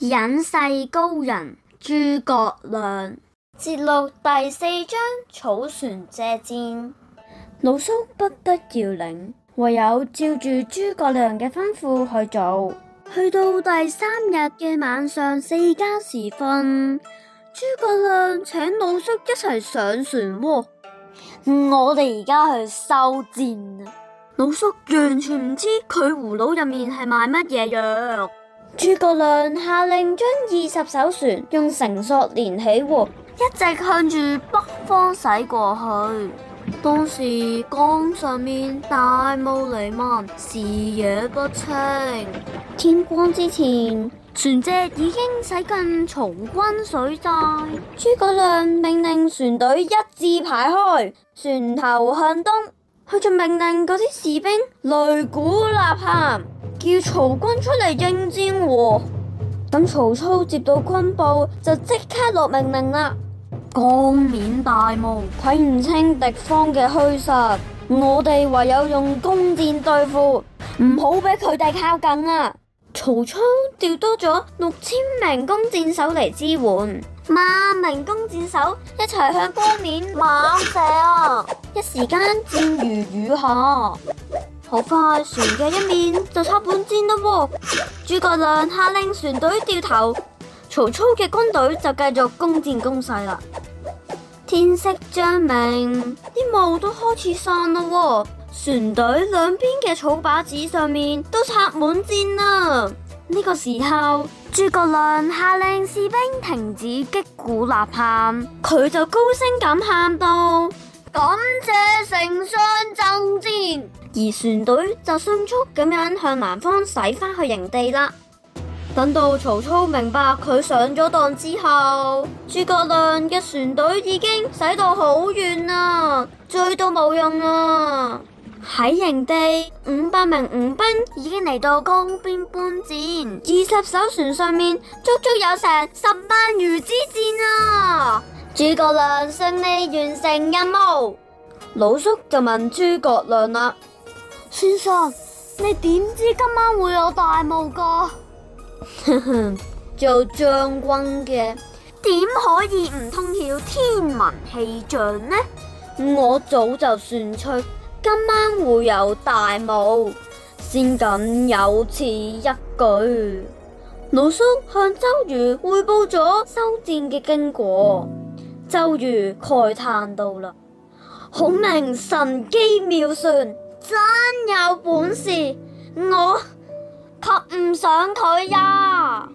隱世高人諸葛亮，節錄第四章草船借箭。老叔不得要領，唯有照住諸葛亮嘅吩咐去做。去到第三日嘅晚上四更時分，諸葛亮請老叔一齊上船，哦。我哋而家去收箭！老叔完全唔知佢葫蘆入面係賣乜嘢藥。諸葛亮下令將二十艘船用繩索連起，一直向住北方駛過去。當時江上面大霧瀰漫，視野不清。天光之前，船隻已經駛近曹軍水寨。諸葛亮命令船隊一字排開，船頭向東，佢仲命令嗰啲士兵擂鼓吶喊。叫曹軍出嚟應戰喎，等曹操接到軍報就即刻落命令啦。江面大霧，睇唔清敵方嘅虛實，我哋唯有用弓箭對付，唔好俾佢哋靠近啊！曹操調多咗六千名弓箭手嚟支援，萬名弓箭手一齊向江面猛射啊！一時間箭如雨下。好快，船嘅一面就插滿箭啦！諸葛亮下令船隊掉頭，曹操嘅軍隊就繼續弓箭攻勢啦。天色將明，啲霧都開始散啦。哦，船隊兩邊嘅草把子上面都插滿箭啦。呢、這個時候，諸葛亮下令士兵停止擊鼓吶喊，佢就高聲咁喊道：「感謝丞相贈箭！而船隊就迅速咁樣向南方駛返去營地啦。等到曹操明白佢上咗當之後，諸葛亮嘅船隊已經駛到好遠啦，追都冇用啦。喺營地，五百名吳兵已經嚟到江邊搬箭，二十艘船上面足足有成十萬餘支箭啊！諸葛亮勝利完成任務，老叔就問諸葛亮啦。先生，你點知今晚會有大霧㗎？ 做將軍嘅點可以唔通曉天文氣象呢？我早就算出今晚會有大霧，先敢有此一舉。魯肅向周瑜匯報咗收箭嘅經過，周瑜慨嘆道：「啦：，孔明神機妙算。真有本事，我及唔上佢呀！